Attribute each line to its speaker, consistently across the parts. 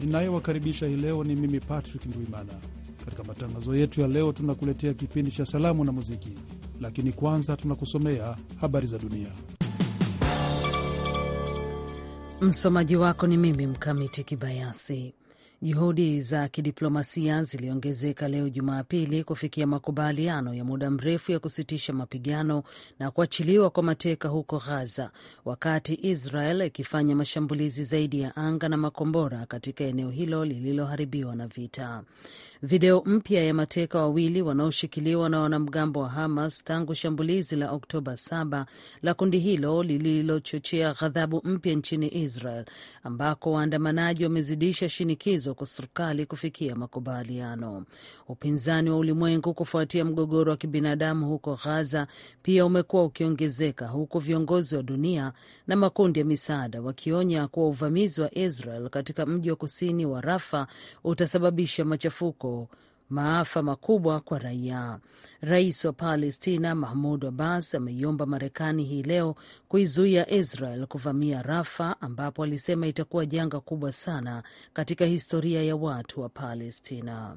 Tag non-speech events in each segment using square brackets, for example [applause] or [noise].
Speaker 1: ninayewakaribisha hii leo ni mimi Patrick Ndwimana. Katika matangazo yetu ya leo, tunakuletea kipindi cha salamu na muziki, lakini kwanza tunakusomea habari za dunia.
Speaker 2: Msomaji wako ni mimi Mkamiti Kibayasi. Juhudi za kidiplomasia ziliongezeka leo Jumapili kufikia makubaliano ya muda mrefu ya kusitisha mapigano na kuachiliwa kwa mateka huko Gaza, wakati Israel ikifanya mashambulizi zaidi ya anga na makombora katika eneo hilo lililoharibiwa na vita. Video mpya ya mateka wawili wanaoshikiliwa na wanamgambo wa Hamas tangu shambulizi la Oktoba 7 la kundi hilo lililochochea ghadhabu mpya nchini Israel, ambako waandamanaji wamezidisha shinikizo shinikizo kwa serikali kufikia makubaliano. Upinzani wa ulimwengu kufuatia mgogoro wa kibinadamu huko Gaza pia umekuwa ukiongezeka, huku viongozi wa dunia na makundi ya misaada wakionya kuwa uvamizi wa Israel katika mji wa kusini wa Rafa utasababisha machafuko maafa makubwa kwa raia. Rais wa Palestina Mahmud Abbas ameiomba Marekani hii leo kuizuia Israel kuvamia Rafa, ambapo alisema itakuwa janga kubwa sana katika historia ya watu wa Palestina.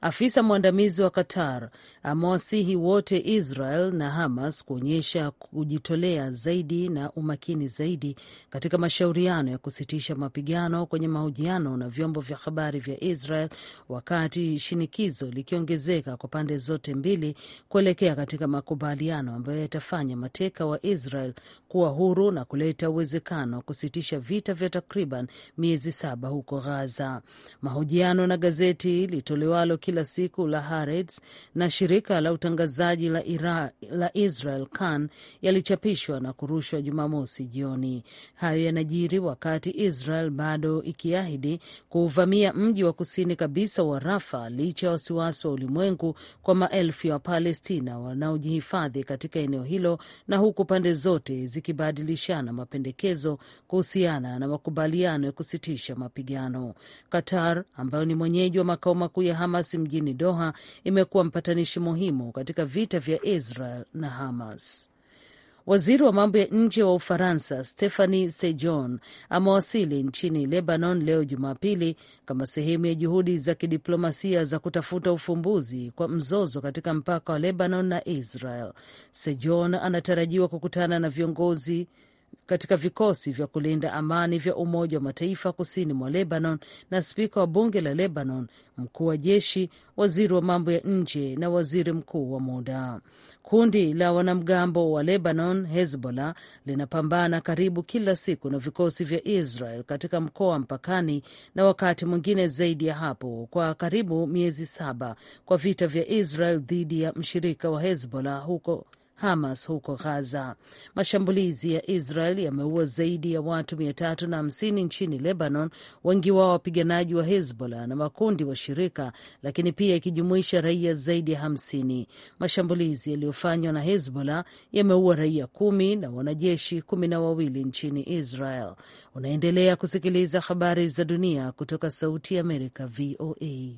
Speaker 2: Afisa mwandamizi wa Qatar amewasihi wote Israel na Hamas kuonyesha kujitolea zaidi na umakini zaidi katika mashauriano ya kusitisha mapigano kwenye mahojiano na vyombo vya habari vya Israel, wakati shinikizo likiongezeka kwa pande zote mbili kuelekea katika makubaliano ambayo yatafanya mateka wa Israel kuwa huru na kuleta uwezekano wa kusitisha vita vya takriban miezi saba huko Gaza. Mahojiano na gazeti litolewalo kila siku la Haaretz na shirika la utangazaji la, Ira, la Israel Kan yalichapishwa na kurushwa Jumamosi jioni. Hayo yanajiri wakati Israel bado ikiahidi kuuvamia mji wa kusini kabisa wa Rafa licha ya wasiwasi wa ulimwengu kwa maelfu ya Wapalestina wanaojihifadhi katika eneo hilo na huku pande zote zikibadilishana mapendekezo kuhusiana na makubaliano ya kusitisha mapigano. Qatar ambayo ni mwenyeji wa makao makuu ya Hamas mjini Doha imekuwa mpatanishi muhimu katika vita vya Israel na Hamas. Waziri wa mambo ya nje wa Ufaransa stephani sejon amewasili nchini Lebanon leo Jumapili kama sehemu ya juhudi za kidiplomasia za kutafuta ufumbuzi kwa mzozo katika mpaka wa Lebanon na Israel. sejon anatarajiwa kukutana na viongozi katika vikosi vya kulinda amani vya Umoja wa Mataifa kusini mwa Lebanon na spika wa bunge la Lebanon, mkuu wa jeshi, waziri wa mambo ya nje na waziri mkuu wa muda. Kundi la wanamgambo wa Lebanon Hezbollah linapambana karibu kila siku na vikosi vya Israel katika mkoa wa mpakani na wakati mwingine zaidi ya hapo kwa karibu miezi saba kwa vita vya Israel dhidi ya mshirika wa Hezbollah huko Hamas huko Gaza. Mashambulizi ya Israel yameua zaidi ya watu 350 nchini Lebanon, wengi wao wapiganaji wa Hezbollah na makundi shirika lakini pia ikijumuisha raia zaidi ya 50. Mashambulizi yaliyofanywa na Hezbollah yameua raia kumi na wanajeshi kumi na wawili nchini Israel. Unaendelea kusikiliza habari za dunia kutoka Sauti ya Amerika, VOA.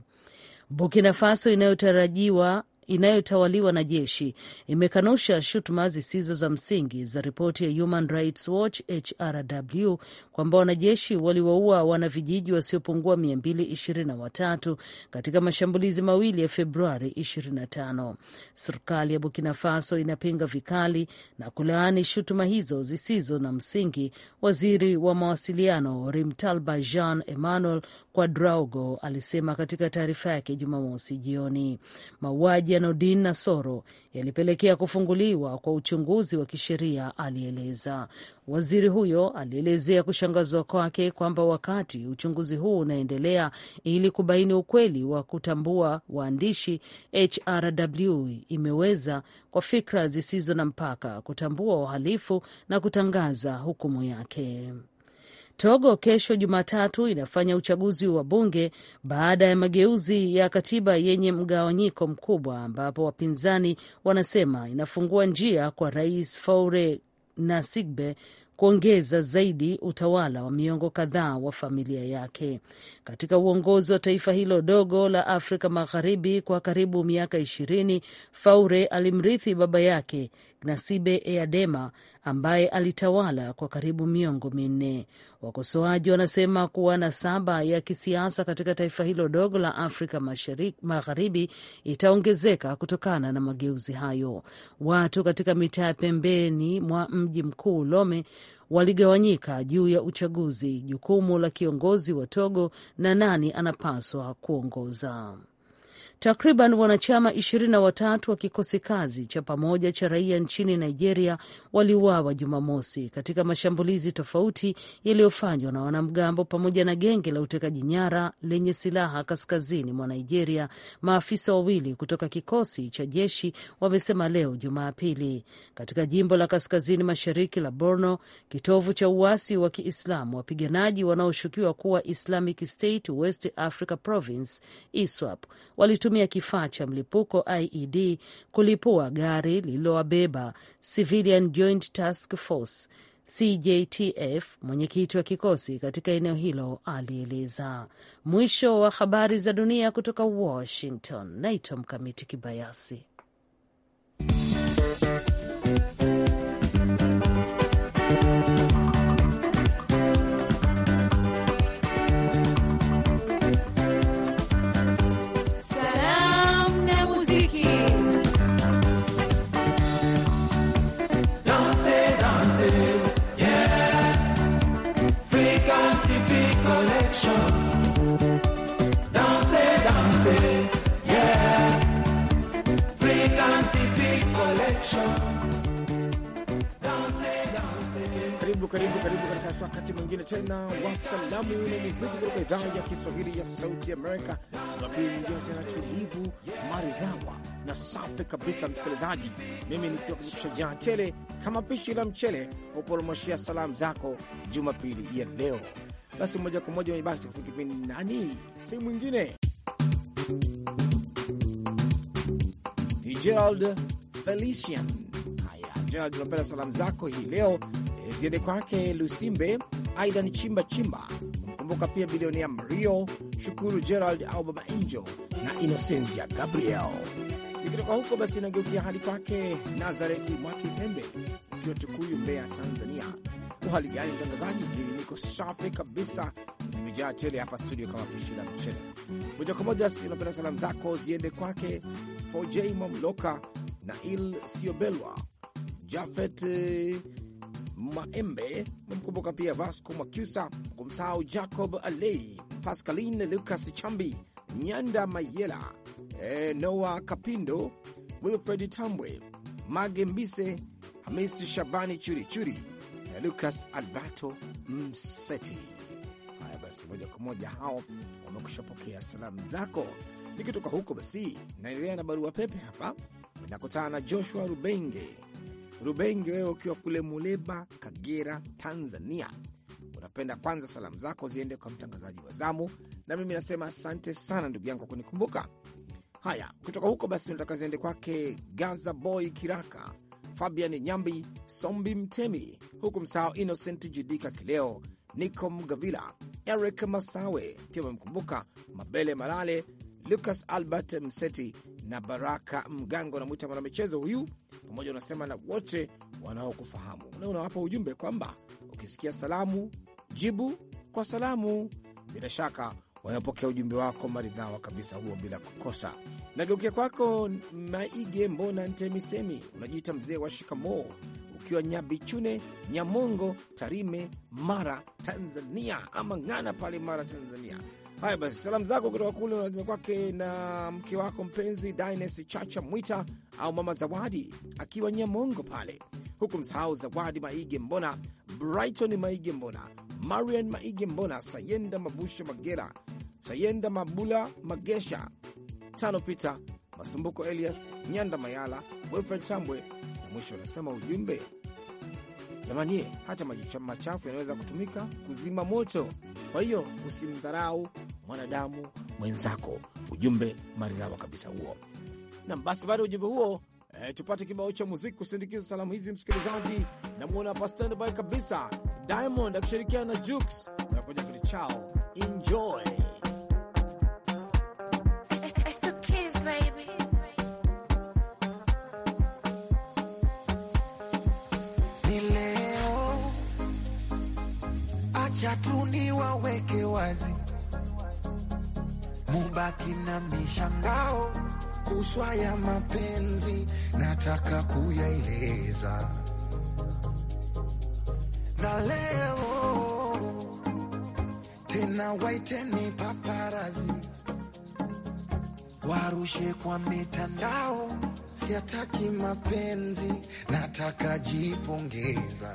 Speaker 2: Burkina Faso inayotarajiwa inayotawaliwa na jeshi imekanusha shutuma zisizo za msingi za ripoti ya Human Rights Watch HRW kwamba wanajeshi waliwaua wanavijiji wasiopungua 223 katika mashambulizi mawili ya Februari 25. Serikali ya Burkina Faso inapinga vikali na kulaani shutuma hizo zisizo na msingi. Waziri wa mawasiliano Rimtalba Jean Emmanuel quadraugo alisema katika taarifa yake Jumamosi jioni mauaji Janodin Nasoro yalipelekea kufunguliwa kwa uchunguzi wa kisheria, alieleza. Waziri huyo alielezea kushangazwa kwake kwamba wakati uchunguzi huu unaendelea ili kubaini ukweli wa kutambua waandishi, HRW imeweza kwa fikra zisizo na mpaka kutambua uhalifu na kutangaza hukumu yake. Togo kesho Jumatatu inafanya uchaguzi wa bunge baada ya mageuzi ya katiba yenye mgawanyiko mkubwa, ambapo wapinzani wanasema inafungua njia kwa Rais Faure Gnassingbe kuongeza zaidi utawala wa miongo kadhaa wa familia yake katika uongozi wa taifa hilo dogo la Afrika Magharibi kwa karibu miaka ishirini. Faure alimrithi baba yake Gnasibe Eyadema ambaye alitawala kwa karibu miongo minne. Wakosoaji wanasema kuwa nasaba ya kisiasa katika taifa hilo dogo la Afrika mashariki, magharibi itaongezeka kutokana na mageuzi hayo. Watu katika mitaa ya pembeni mwa mji mkuu Lome waligawanyika juu ya uchaguzi, jukumu la kiongozi wa Togo na nani anapaswa kuongoza. Takriban wanachama ishirini na watatu wa kikosi kazi cha pamoja cha raia nchini Nigeria waliuawa Jumamosi katika mashambulizi tofauti yaliyofanywa na wanamgambo pamoja na genge la utekaji nyara lenye silaha kaskazini mwa Nigeria, maafisa wawili kutoka kikosi cha jeshi wamesema leo Jumapili, katika jimbo la kaskazini mashariki la Borno, kitovu cha uasi wa Kiislamu. Wapiganaji wanaoshukiwa kuwa Islamic State West Africa Province ISWAP alitumia kifaa cha mlipuko IED kulipua gari lililowabeba Civilian Joint Task Force CJTF, mwenyekiti wa kikosi katika eneo hilo alieleza. Mwisho wa habari za dunia kutoka Washington. Naitwa Mkamiti Kibayasi.
Speaker 3: Karibu, karibu, karibu katika wakati mwingine tena wa salamu na muziki kutoka idhaa ya Kiswahili ya Sauti Amerika. Wakati mwingine tena tulivu, maridhawa na safi kabisa, msikilizaji, mimi nikiwa kushajaa tele kama pishi la mchele uporomoshia salamu zako Jumapili ya leo. Basi moja kwa moja mebaki kwa kipindi nani, si mwingine ni Gerald Felician. Haya, Gerald, tunapenda salamu zako hii leo eh, ziende kwake Lusimbe Aidan Chimba Chimba, kumbuka pia bilionea Mario Shukuru Gerald au Baba Angel na Inosensia Gabriel. Nikitoka huko basi nageukia hadi kwake Nazareti Mwakipembe ukiwa Tukuyu, Mbeya, Tanzania. Uhali gani mtangazaji? Hili niko safi kabisa, nimejaa tele hapa studio kama pishi la mchele. Moja kwa moja napenda salamu zako ziende kwake Foj Mamloka, Il Siobelwa, Jafet eh, Maembe, mkumbuka pia Vasco Makusa, kumsahau Jacob Alei, Pascaline Lucas Chambi, Nyanda Mayela, e, Noah Kapindo, Wilfred Tambwe, Mage Mbise, Hamis Shabani Churichuri Lucas Alberto Mseti. Haya basi, moja kwa moja hao wamekushapokea salamu zako. Nikitoka huko basi, naendelea na barua pepe hapa. Nakutana na Joshua Rubenge. Rubenge, wewe ukiwa kule Muleba, Kagera, Tanzania, unapenda kwanza salamu zako ziende kwa mtangazaji wa zamu, na mimi nasema asante sana ndugu yangu kwa kunikumbuka. Haya, kutoka huko basi unataka ziende kwake Gaza Boy Kiraka Fabian Nyambi, Sombi Mtemi, huku msao Innocent Judika Kileo, Nico Mgavila, Eric Masawe, pia wamemkumbuka Mabele Malale, Lucas Albert Mseti na Baraka Mgango, namwita mwanamichezo huyu, pamoja unasema na wote wanaokufahamu na unawapa ujumbe kwamba ukisikia salamu jibu kwa salamu. Bila shaka wamepokea ujumbe wako maridhawa kabisa huo bila kukosa. Nageukia kwako Maige Mbona Ntemisemi, unajiita mzee wa shikamoo ukiwa Nyabichune, Nyamongo, Tarime, Mara, Tanzania, ama Ng'ana pale Mara, Tanzania. Haya basi, salamu zako kutoka kule unaanza kwake na mke wako mpenzi Dines Chacha Mwita au mama Zawadi akiwa Nyamongo pale, huku msahau Zawadi Maige Mbona, Brighton Maige Mbona, Marian Maige Mbona, Sayenda Mabusha Magera, Sayenda Mabula Magesha tano Peter Masumbuko, Elias Nyanda Mayala, Wilfred Tambwe na mwisho anasema ujumbe, jamani, hata maji machafu yanaweza kutumika kuzima moto, kwa hiyo usimdharau mwanadamu mwenzako. Ujumbe maridhawa kabisa huo. Nam basi, baada ya ujumbe huo eh, tupate kibao cha muziki kusindikiza salamu hizi. Msikilizaji, namwona hapa standby kabisa Diamond akishirikiana na Jux na kili chao enjoy
Speaker 4: waweke wazi, mubaki na mishangao kuswa ya mapenzi, nataka kuyaeleza na leo tena waiteni paparazi warushe kwa mitandao, siataki mapenzi, nataka jipongeza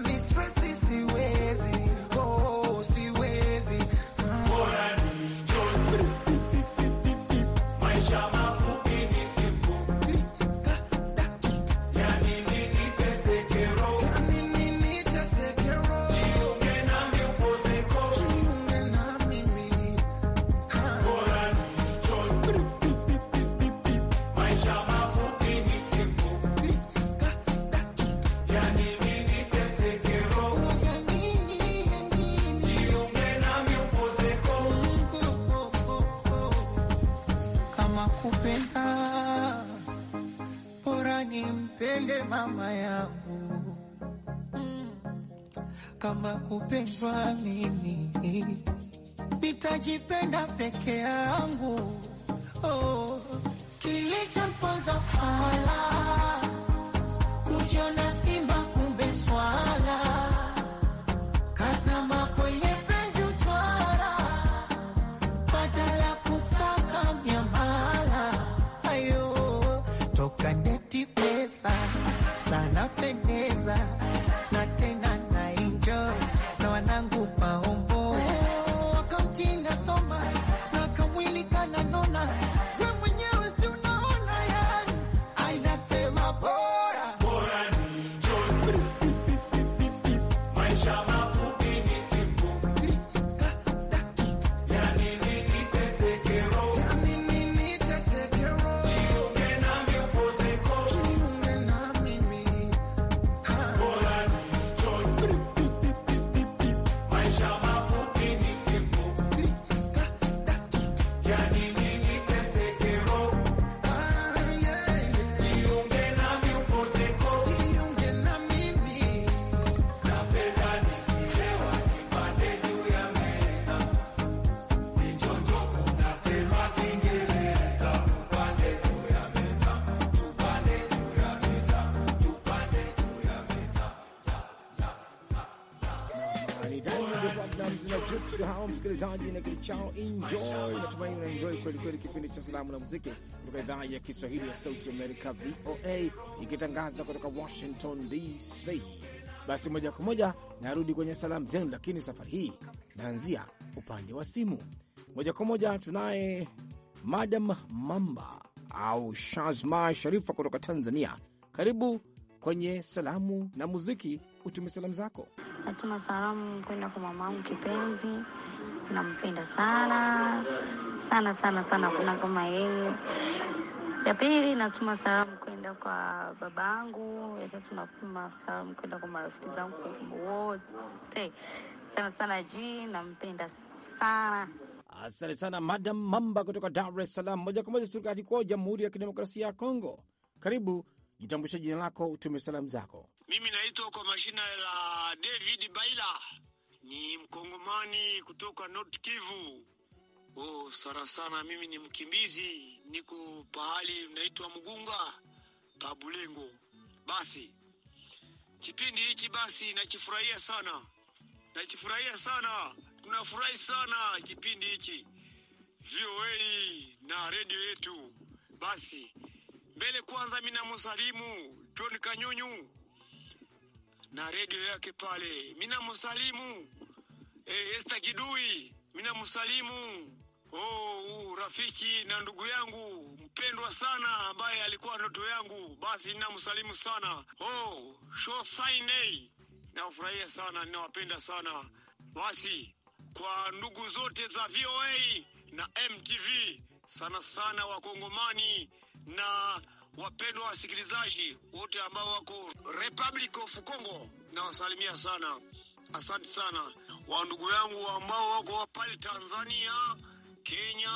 Speaker 4: kupenda bora nimpende mama yangu kama kupendwa mimi nitajipenda peke yangu. Oh, kilichompoza fala kujiona a
Speaker 3: msikilizaji na kitu chao enjoy. Natumaini unaenjoy kweli kweli kipindi cha salamu na muziki kutoka idhaa ya Kiswahili ya Sauti Amerika, VOA, ikitangaza kutoka Washington DC. Basi moja kwa moja narudi kwenye salamu zenu, lakini safari hii naanzia upande wa simu. Moja kwa moja tunaye Madam Mamba au Shazma Sharifa kutoka Tanzania. Karibu kwenye salamu na muziki, utume salamu zako.
Speaker 4: Natuma salamu kwenda kwa mamangu kipenzi tunampenda sana sana sana sana, kuna kama yeye. Ya pili natuma salamu kwenda kwa babangu, ya tatu natuma salamu kwenda kwa marafiki zangu wote sana sana. Ji nampenda sana.
Speaker 3: Asante sana Madam Mamba kutoka Dar es Salaam. Moja kwa moja serikali kwa Jamhuri ya Kidemokrasia ya Kongo, karibu. Jitambulishe jina lako, utume salamu zako.
Speaker 5: Mimi naitwa kwa majina la David Baila ni mkongomani kutoka North Kivu. Oh, sana sana mimi ni mkimbizi, niko pahali mnaitwa Mgunga Pabulengo. Basi kipindi hiki basi nakifurahia sana, nakifurahia sana, tunafurahi sana kipindi hiki VOA na redio yetu. Basi mbele kwanza, mimi namusalimu John Kanyunyu na redio yake pale, mimi namusalimu eh, Esta Kidui minamsalimu oh, uh, rafiki na ndugu yangu mpendwa sana ambaye alikuwa ndoto yangu, basi ninamsalimu sana oh, Shosainei, nawafurahia sana, ninawapenda sana basi kwa ndugu zote za VOA na MTV sana sana, wakongomani na wapendwa wasikilizaji wote ambao wako Republic of Congo, nawasalimia sana, asante sana wa ndugu yangu ambao wako pale Tanzania, Kenya,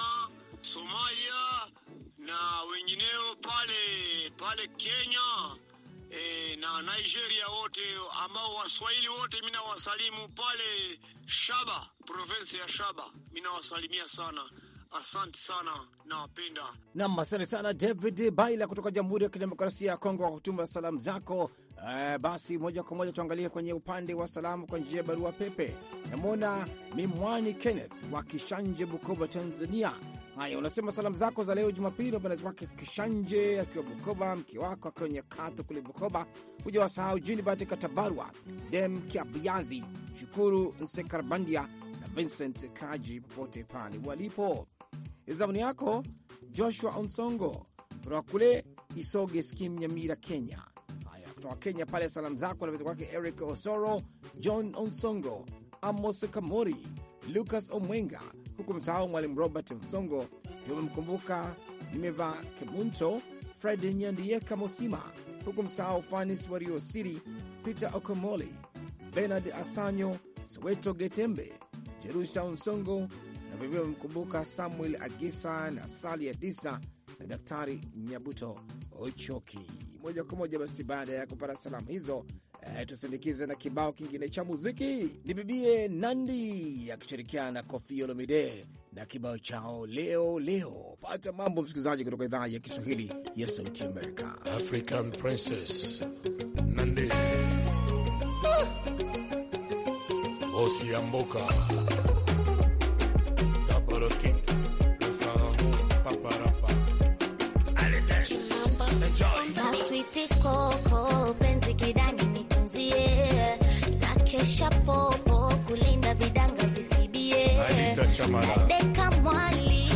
Speaker 5: Somalia na wengineo pale pale Kenya e, na Nigeria wote ambao Waswahili wote mimi nawasalimu pale Shaba, provensi ya Shaba. Mimi nawasalimia sana. Asante sana nawapenda.
Speaker 3: Nam, asante sana David Baila kutoka Jamhuri ya Kidemokrasia ya Kongo kwa kutuma salamu zako Uh, basi moja kwa moja tuangalie kwenye upande wa salamu kwa njia ya barua pepe. Namwona Mimwani Kenneth wa Kishanje, Bukoba, Tanzania. Haya, unasema salamu zako za leo Jumapili wapendazi wake Kishanje akiwa Bukoba, mke wako akiwa Nyakato kule Bukoba, huja wasahau bati Katabarwa, Dem Kiabiazi, Shukuru Nsekarbandia na Vincent Kaji popote pale walipo. Zamuni yako Joshua Onsongo kutoka kule Isoge Skim, Nyamira, Kenya kutoka Kenya pale salamu zako na anaweza kwake Eric Osoro, John Onsongo, Amos Kamori, Lucas Omwenga, huku msahau Mwalimu Robert onsongo yamemkumbuka nimeva Kemunto, Fred Nyandieka Mosima, huku msahau Fanis Wariosiri, Peter Okomoli, Benard Asanyo, Soweto Getembe, Jerusha onsongo na vilevile wamemkumbuka Samuel Agisa na Sali Adisa na Daktari Nyabuto
Speaker 5: Ochoki
Speaker 3: moja kwa moja. Basi baada ya kupata salamu hizo, eh, tusindikize na kibao kingine cha muziki. Ni bibie Nandi akishirikiana na Kofi Olomide na kibao chao leo leo. Pata mambo, msikilizaji, kutoka idhaa ya Kiswahili ya Sauti Amerika. African Princess Nandi, ah!
Speaker 4: sikoko penzi kidani nitunzie na kesha popo kulinda vidanga visibie deka mwali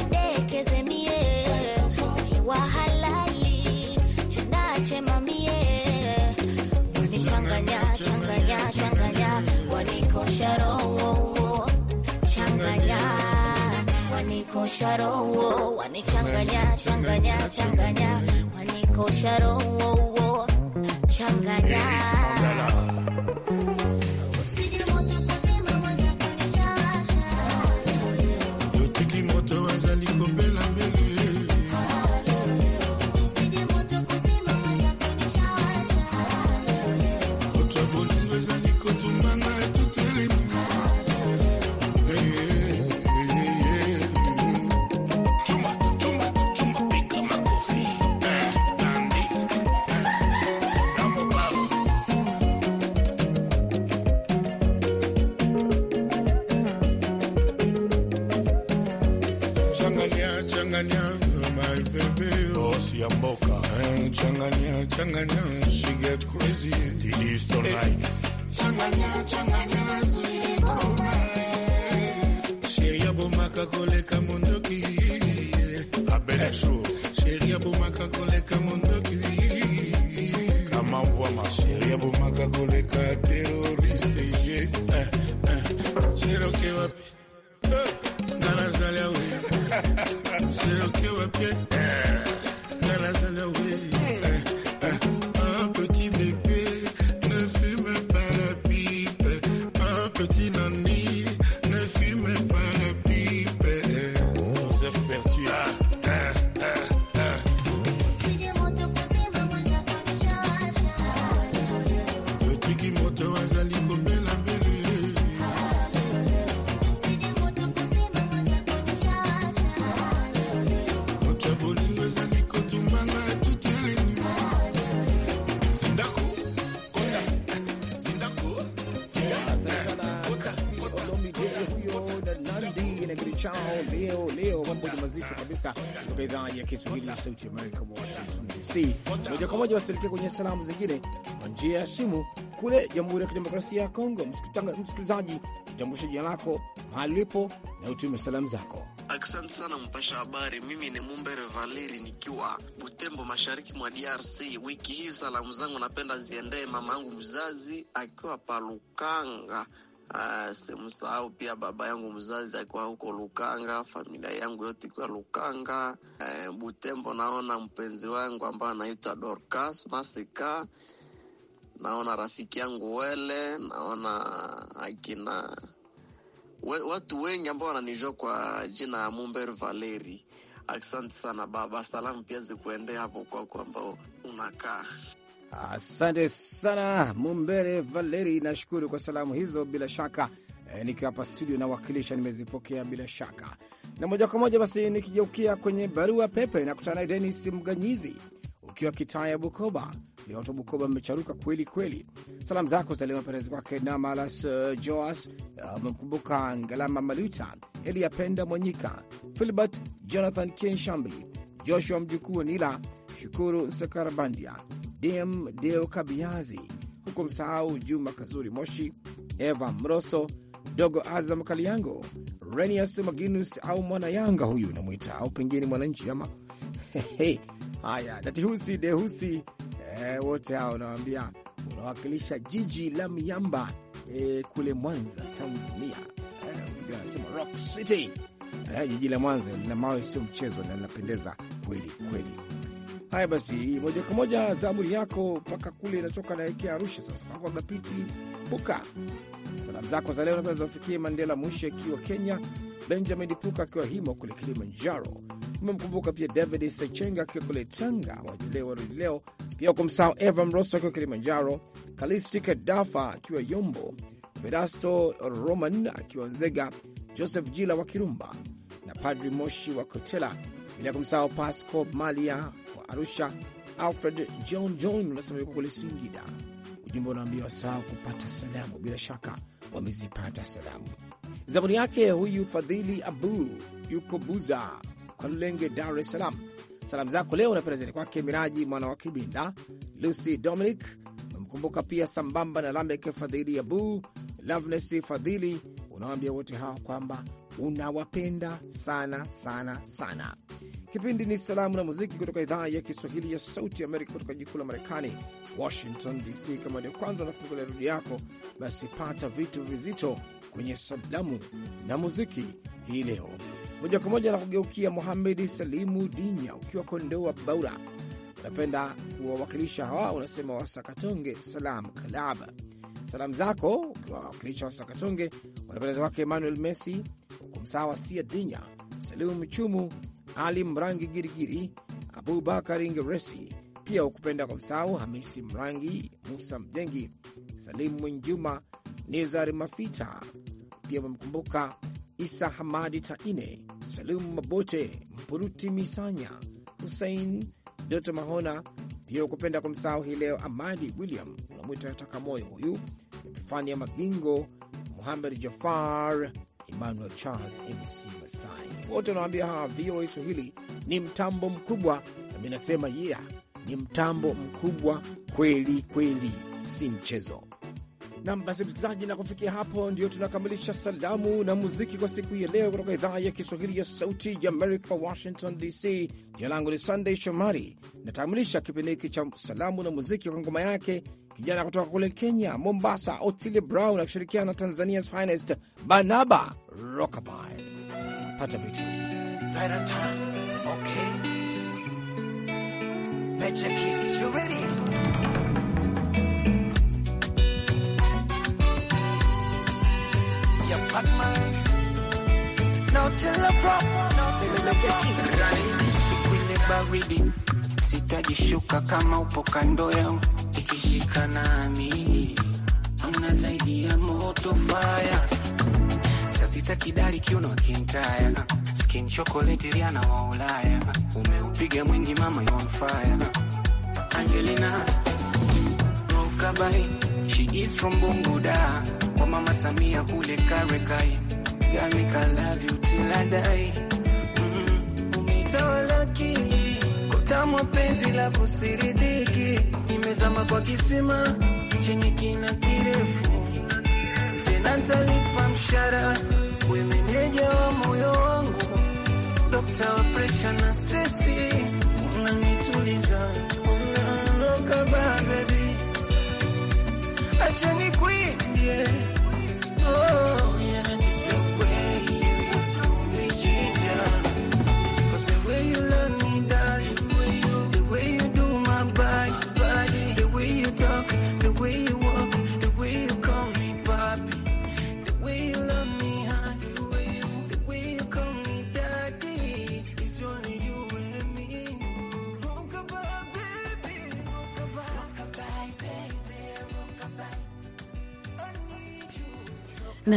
Speaker 4: idekezemie wahalali chenda chemamie wanichanganya changanya changanya wanikosharo changanya wanikosharo wanichanganya changanya changanya 고샤로워 장가냐
Speaker 3: kabisa kutoka idhaa ya Kiswahili ya Sauti Amerika, Washington DC. Moja kwa moja wasitelekea kwenye salamu zingine kwa njia ya simu kule Jamhuri ya Kidemokrasia ya Kongo. Msikilizaji, tambusha jina lako, mahali ulipo na utume salamu zako. Asante sana mpasha habari, mimi ni Mumbere Valeri nikiwa Butembo, mashariki mwa DRC. Wiki hii salamu zangu napenda ziendee mama yangu mzazi akiwa Palukanga Ah, simsahau pia baba yangu mzazi akiwa huko Lukanga, familia yangu yote ikiwa Lukanga. Eh, Butembo naona mpenzi wangu ambaye anaitwa Dorcas Masika, naona rafiki yangu Wele, naona akina we, watu wengi ambao wananijua kwa jina ya Mumber Valeri. Asante sana baba, salamu pia zikuendea hapo kwako ambao unakaa. Asante sana Mumbere Valeri, nashukuru kwa salamu hizo. Bila shaka e, nikiwa hapa studio nawakilisha, nimezipokea bila shaka. Na moja kwa moja basi nikigeukia kwenye barua pepe, nakutana naye Denis Mganyizi ukiwa kitaya Bukoba. Ni watu wa Bukoba mmecharuka kweli kweli. Salamu zako za leo mapendezi kwake Namalas uh, Joas amemkumbuka eh, uh, Ngalama Maluta, Eliapenda Mwanyika, Filbert Jonathan Kenshambi, Joshua mjukuu Nila, Shukuru Sekarabandia Dem Deo Kabiazi, huku msahau Juma Kazuri Moshi, Eva Mroso, Dogo Azam Kaliango, Renius Maginus au Yanga huyu unamwita au pengine mwananchi ama [laughs] haya Datihusi Dehusi eh, wote hao unawambia unawakilisha jiji la miamba eh, kule Mwanza, Tanzania. Eh, Rock City eh, jiji la Mwanza lina mawe sio mchezo na linapendeza kweli kweli. Haya basi, moja kwa moja zamuri yako mpaka kule inatoka naelekea Arusha. Sasa kwako Gapiti Puka, salamu zako za leo napenda zamfikie Mandela Mushe akiwa Kenya, Benjamin Puka akiwa Himo kule Kilimanjaro. Umemkumbuka pia David Sechenga akiwa kule Tanga, wajilewa warudi leo pia Eva Mrosto akiwa Kilimanjaro, Kalistika Dafa akiwa Yombo, Verasto Roman akiwa Nzega, Joseph Jila wa Kirumba na Padri Moshi wa Kotela, bila kumsahau Pasco Malia Arusha, Alfred John John unasema yuko kule Singida. Ujumbe unaambia wasahau kupata salamu, bila shaka wamezipata salamu. Zabuni yake huyu Fadhili Abu yuko Buza Kalulenge, Dar es Salaam. Salamu zako leo unapenda zani kwake Miraji mwana wa Kibinda, Lucy Dominic umemkumbuka pia, sambamba na Lamek Fadhili Abu, Loveness Fadhili. Unawambia wote hawa kwamba unawapenda sana sana sana. Kipindi ni Salamu na Muziki kutoka idhaa ya Kiswahili ya Sauti Amerika, kutoka jikuu la Marekani, Washington DC. Kama ndio kwanza unafungulia redio yako, basi pata vitu vizito kwenye Salamu na Muziki hii leo. Moja kwa moja na kugeukia Muhamedi Salimu Dinya, ukiwa Kondoa Baura, unapenda kuwawakilisha hawa, unasema Wasakatonge Salam Kalaba. Salamu zako ukiwawakilisha Wasakatonge wanapendeza wake Emmanuel Messi, hukumsawa Sia Dinya, Salimu Mchumu ali Mrangi Girigiri, Abubakari Ngeresi, pia ukupenda kwa msahau Hamisi Mrangi, Musa Mjengi, Salimu Mwenjuma, Nezari Mafita. Pia umemkumbuka Isa Hamadi Taine, salimu Mabote, Mpuruti Misanya, Husein Doto Mahona. Pia ukupenda kwa msahau hii leo Amadi William, unamwita yatakamoyo moyo huyu, Epifania Magingo, Muhamed Jafar Emmanuel Charles MC Masai, wote wanawambia hawa VOA Swahili ni mtambo mkubwa, nami nasema yeah, ni mtambo mkubwa kweli kweli, si mchezo. Nam basi, msikilizaji, na kufikia hapo ndio tunakamilisha salamu na muziki kwa siku hii ya leo kutoka idhaa ya Kiswahili ya Sauti ya Amerika, Washington DC. Jina langu ni sandey Shomari, natakamilisha kipindi hiki cha salamu na muziki kwa ngoma yake kijana kutoka kule Kenya, Mombasa, Otile Brown akishirikiana na Tanzania's finest Banaba Rokaby. Pata vitu
Speaker 4: sitajishuka kama upo kando ukishika nami una zaidi ya moto faya sasita kidali kiuno kintaya skin chocolate riana wa Ulaya umeupiga mwingi mama you on fire Angelina Rokabai she is from Bunguda kwa mama Samia kule Karekai Girl, I love you till I die tamu penzi la kusiridiki, imezama kwa kisima chenye kina kirefu, tena ntalipa mshara wemenyeja wa moyo wangu, dokta wa presha na stresi, unanituliza baby, acha ni kwi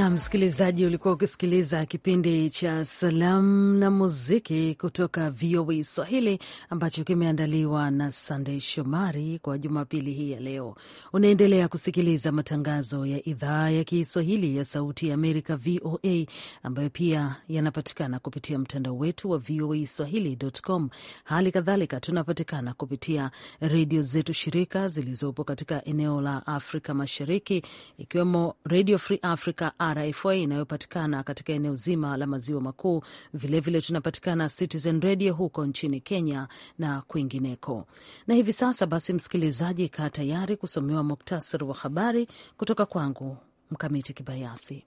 Speaker 2: Na msikilizaji, ulikuwa ukisikiliza kipindi cha salamu na muziki kutoka VOA Swahili ambacho kimeandaliwa na Sandey Shomari kwa Jumapili hii ya leo. Unaendelea kusikiliza matangazo ya idhaa ya Kiswahili ya Sauti ya Amerika, VOA, ambayo pia yanapatikana kupitia mtandao wetu wa VOA Swahili.com. Hali kadhalika tunapatikana kupitia redio zetu shirika zilizopo katika eneo la Afrika Mashariki, ikiwemo Radio Free Africa RFA inayopatikana katika eneo zima la maziwa makuu. Vilevile tunapatikana Citizen Radio huko nchini Kenya na kwingineko. Na hivi sasa basi, msikilizaji, kaa tayari kusomewa muktasari wa habari kutoka kwangu Mkamiti Kibayasi.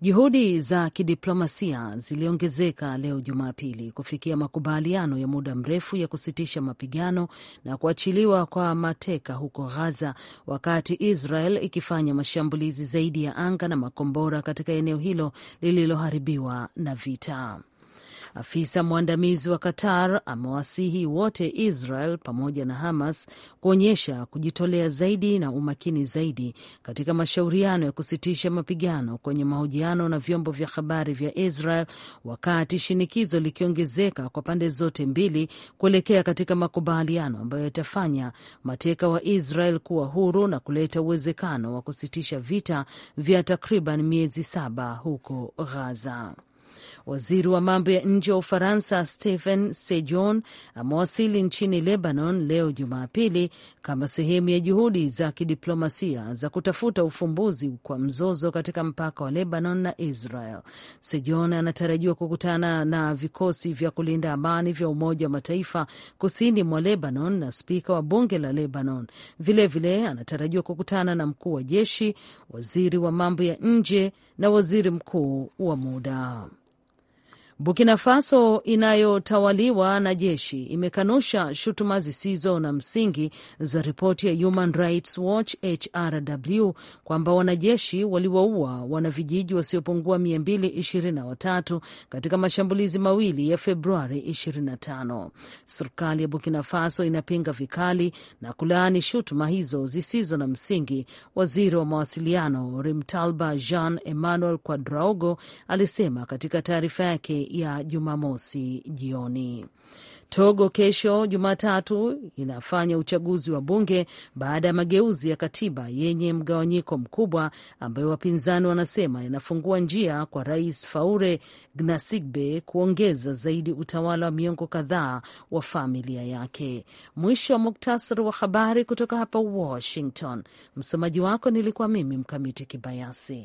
Speaker 2: Juhudi za kidiplomasia ziliongezeka leo Jumapili kufikia makubaliano ya muda mrefu ya kusitisha mapigano na kuachiliwa kwa mateka huko Gaza, wakati Israel ikifanya mashambulizi zaidi ya anga na makombora katika eneo hilo lililoharibiwa na vita. Afisa mwandamizi wa Qatar amewasihi wote Israel pamoja na Hamas kuonyesha kujitolea zaidi na umakini zaidi katika mashauriano ya kusitisha mapigano, kwenye mahojiano na vyombo vya habari vya Israel, wakati shinikizo likiongezeka kwa pande zote mbili kuelekea katika makubaliano ambayo yatafanya mateka wa Israel kuwa huru na kuleta uwezekano wa kusitisha vita vya takriban miezi saba huko Gaza. Waziri wa mambo ya nje wa Ufaransa Stephen sejon amewasili nchini Lebanon leo Jumapili kama sehemu ya juhudi za kidiplomasia za kutafuta ufumbuzi kwa mzozo katika mpaka wa Lebanon na Israel. sejon anatarajiwa kukutana na vikosi vya kulinda amani vya Umoja wa Mataifa kusini mwa Lebanon na spika wa bunge la Lebanon. Vilevile vile, anatarajiwa kukutana na mkuu wa jeshi, waziri wa mambo ya nje na waziri mkuu wa muda. Burkina Faso inayotawaliwa na jeshi imekanusha shutuma zisizo na msingi za ripoti ya Human Rights Watch HRW kwamba wanajeshi waliwaua wanavijiji wasiopungua 223 katika mashambulizi mawili ya Februari 25. Serikali ya Burkina Faso inapinga vikali na kulaani shutuma hizo zisizo na msingi. Waziri wa mawasiliano Rimtalba Jean Emmanuel Quadraogo alisema katika taarifa yake ya Jumamosi jioni. Togo kesho Jumatatu inafanya uchaguzi wa bunge baada ya mageuzi ya katiba yenye mgawanyiko mkubwa ambayo wapinzani wanasema yanafungua njia kwa Rais Faure Gnassingbe kuongeza zaidi utawala wa miongo kadhaa wa familia yake. Mwisho wa muktasari wa habari kutoka hapa Washington. Msomaji wako nilikuwa mimi Mkamiti Kibayasi.